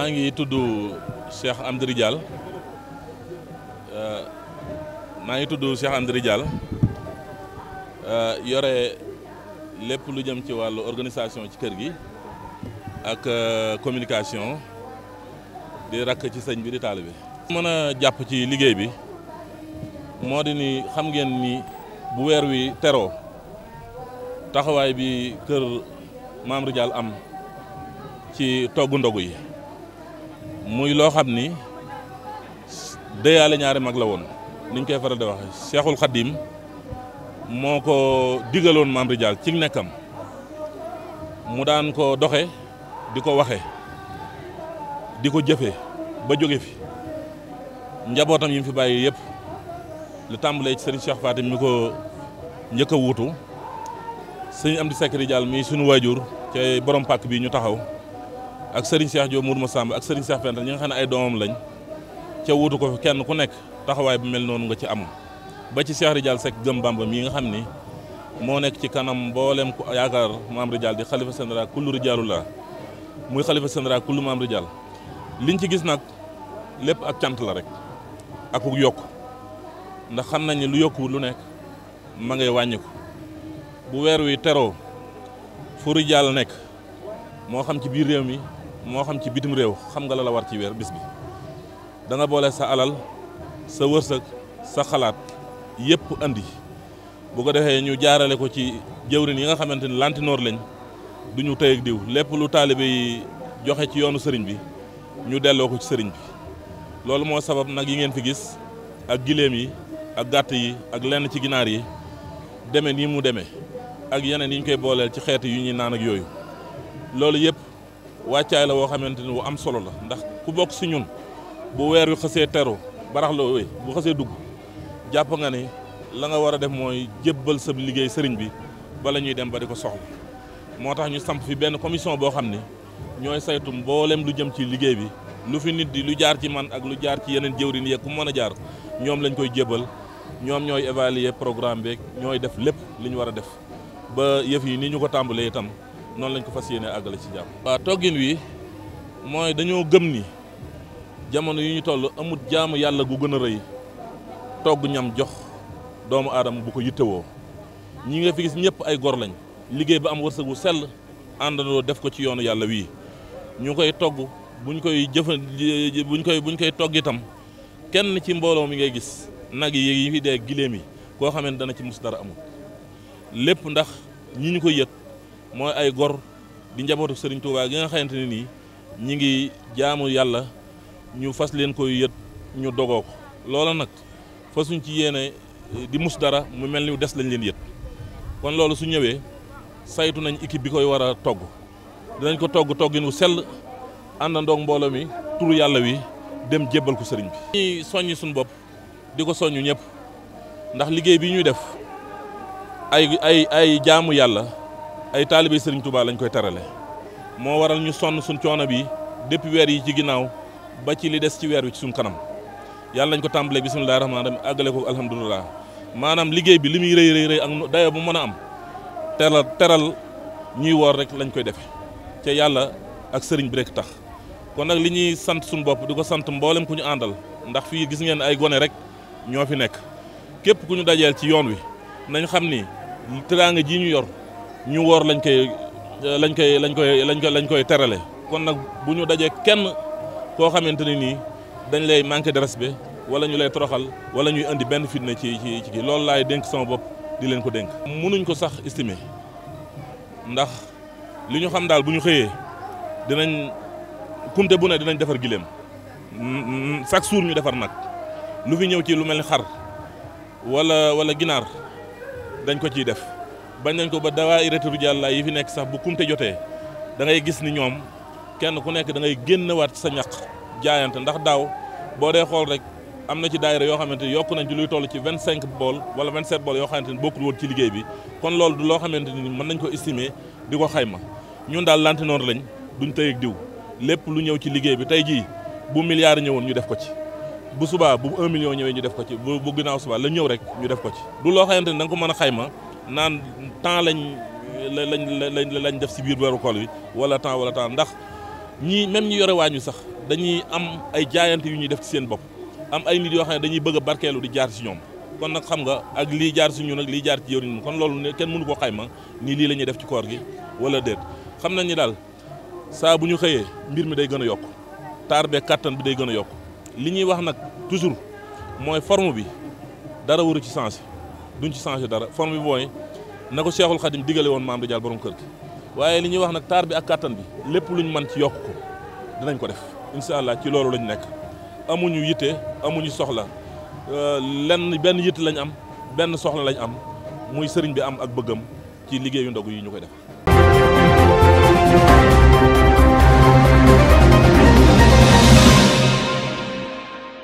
maa ngi tudd Cheikh Amdry Diall euh, maa ngi tudd Cheikh Amdry Diall euh, yore lépp lu jëm ci wàllu organisation ci kër gi ak euh, communication di rakk ci sëñ bi di taalibe bi mën a jàpp ci liggéey bi moo di ni xam ngeen ni bu weer wi teroo taxawaay bi kër Mame Diall am ci togg ndogu yi muy loo xam ni déyaale ñaari mag la woon niñ koy faral di waxee Cheikhul Khadim moo ko digaloon Mame Ridial ci nekkam mu daan ko doxe di ko waxe di ko jëfe ba jóge fi njabootam yi mu fi bàyyi yëpp lu tàmbalee ci sëriñ Cheikh Fatim mi ko njëkk a wuutu sëriñ Amdi Sekk Ridial mii suñu waajur ca borom pàkk bi ñu taxaw ak Serigne Cheikh Diop Mourou Massamba ak Serigne Cheikh Penda ñi nga xam ne ay doom lañ ca wutu ko fi kenn ku nekk taxawaay bu mel noonu nga ci amu ba ci Cheikh Ridial Seck gëm Bamba mii nga xam ni moo nekk ci kanam mboolem ku yaakaar maam Ridial di xalifa général kullu Ridialu la muy xalifa général kullu maam Ridial liñ ci gis nag lépp ak cant la rek ak ku yokk ndax xan nañ lu yokku lu nekk ma ngay wàññiku bu weer wi teroo fu Ridial nekk moo xam ci biir réew mi moo xam ci bitim réew xam nga la la war ci weer bis bi da boole sa alal sa wërsëg sa xalaat yëpp andi bu ko defee ñu jaarale ko ci jëwrin yi nga xamante ni lantinoor lañ du ñu tey diw lépp lu taalibe yi joxe ci yoonu sëriñ bi ñu delloo ko ci sëriñ bi loolu moo sabab nag yi ngeen fi gis ak giléem yi ak gàtt yi ak lenn ci ginaar yi deme nii mu demee ak yeneen yi ñu koy booleel ci xeet yu ñuy naan ak yooyu loolu yëpp wàccaay la woo xamante ni bu am solo la ndax ku bokk si ñun bu weer wi xasee teru barax la wooy bu xasee dugg jàpp nga ni la nga war a def mooy jébbal sa liggéey sëriñ bi bala ñuy dem ba di ko soxla moo tax ñu samp fi benn commission boo xam ne ñooy saytu mboolem lu jëm ci liggéey bi lu fi nit di lu jaar ci man ak lu jaar ci yeneen jëwriñ yeeg ku mën a jaar ñoom lañ koy jébbal ñoom ñooy évaluer programme beeg ñooy def lépp li ñu war a def ba yëf yi ni ñu ko tàmbalee itam noonu lañ ko fas yéene àggale ci jàmm. waa toggin wi mooy dañoo gëm ni jamono yu ñu toll amut jaamu yàlla gu gën a rëy togg ñam jox doomu aadama bu ko yittewoo ñi nga fi gis ñëpp ay gor lañ liggéey ba am wërsëg wu sell àndandoo def ko ci yoonu yàlla wii ñu koy togg buñ koy jëfa buñ koy buñ koy togg itam kenn ci mbooloo mi ngay gis nag yi yi fi dee gileem yi koo xam ne dana ci mus dara amul lépp ndax ñi ñu ko yët mooy ay gor di njabootu Serigne Touba gi nga xamante ne nii ñi ngi jaamu yàlla ñu fas leen ko yët ñu dogoo ko loola nag fasuñ ci yéene eh, di mus dara mu mel ni des lañ leen yët kon loolu su ñëwee saytu nañ équipe bi koy war a togg dinañ ko togg toggin wu sell àndandoog mbooloo mi turu yàlla wi dem jébbal ko sëriñ bi. ñuy soññ suñu bopp di ko soññ ñëpp ndax liggéey bi ñuy def ay ay jaamu yàlla. ay taalibe Serigne Touba lañu koy terale moo waral ñu sonn suñ coono bi depuis weer yi ci ginnaaw ba ci li des ci weer wi ci suñ kanam yàlla nañ ko tàmbalee bisimilah rahmaani rahiim àggale ko alhamdulilah maanaam liggéey bi li muy rëy rëy rëy ak dayo bu mën a am teral teral ñuy woor rek lañ koy defe ca yàlla ak sëriñ bi rek tax kon nag li ñuy sant suñu bopp di ko sant mboolem ku ñu àndal ndax fii gis ngeen ay gone rek ñoo fi nekk képp ku ñu dajeel ci yoon wi nañ xam ni teraanga ji ñu yor ñu woor lañ koy lañ koy lañ koy lañ koy lañ koy terale kon nag bu ñu dajee kenn koo xamante ne nii dañ lay manquer de respect wala ñu lay toroxal wala ñuy indi benn fitne ci ci ci loolu laay dénk sama bopp di leen ko dénk. mënuñ ko sax estimer ndax li ñu xam daal bu ñu xëyee dinañ kumte bu ne dinañ defar gileem chaque jour ñu defar nag lu fi ñëw ci lu mel ni xar walla wala ginaar dañ ko ciy def. bañ nañ ko ba dawaa iratu jàlla yi fi nekk sax bu kumte jotee da ngay gis ni ñoom kenn ku nekk dangay ngay génnewaat sa ñaq jaayante ndax daaw boo dee xool rek am na ci daayira yoo xamante ni yokk nañ ci luy toll ci vingt cinq bool wala vingt sept bool yoo xamante ni bokkul woon ci liggéey bi kon loolu du loo xamante ni mën nañ ko estimer di ko xayma ñun daal lantinoor lañ duñ tëyeeg diw lépp lu ñëw ci liggéey bi tey jii bu milliard ñëwoon ñu def ko ci bu subaa bu un ñëwee ñu def ko ci bu bu ginnaaw subaa la ñëw rek ñu def ko ci du loo xamante ni da ko mën a xayma naan temps lañ lañ lañ lañ def si biir weeru koor bi wala temps wala temps ndax ñii même ñu yore waañu sax dañuy am ay jaayante yu ñuy def ci seen bopp am ay nit yoo xam ne dañuy bëgg a barkeelu di jaar si ñoom kon nag xam nga ak lii jaar si ñun ak lii jaar ci yow kon loolu ne kenn mënu ko xayma nii lii la ñuy def ci koor gi wala déet xam nañ ni daal saa bu ñu xëyee mbir mi day gën a yokk taar bee kattan bi day gën a yokk li ñuy wax nag toujours mooy forme bi dara waru ci sens duñ ci changé dara forme bi mooy na ko Cheikhul Khadim digale woon maam di jaal borom kër gi waaye li ñuy wax nag taar bi ak kàttan bi lépp luñ mën ci yokk ko dinañ ko def incha allah ci loolu lañ nekk amuñu yitte amuñu soxla euh, lenn benn yitte lañ am benn soxla lañ am muy sëriñ bi am ak bëggam ci liggéeyu ndogu yi ñu koy def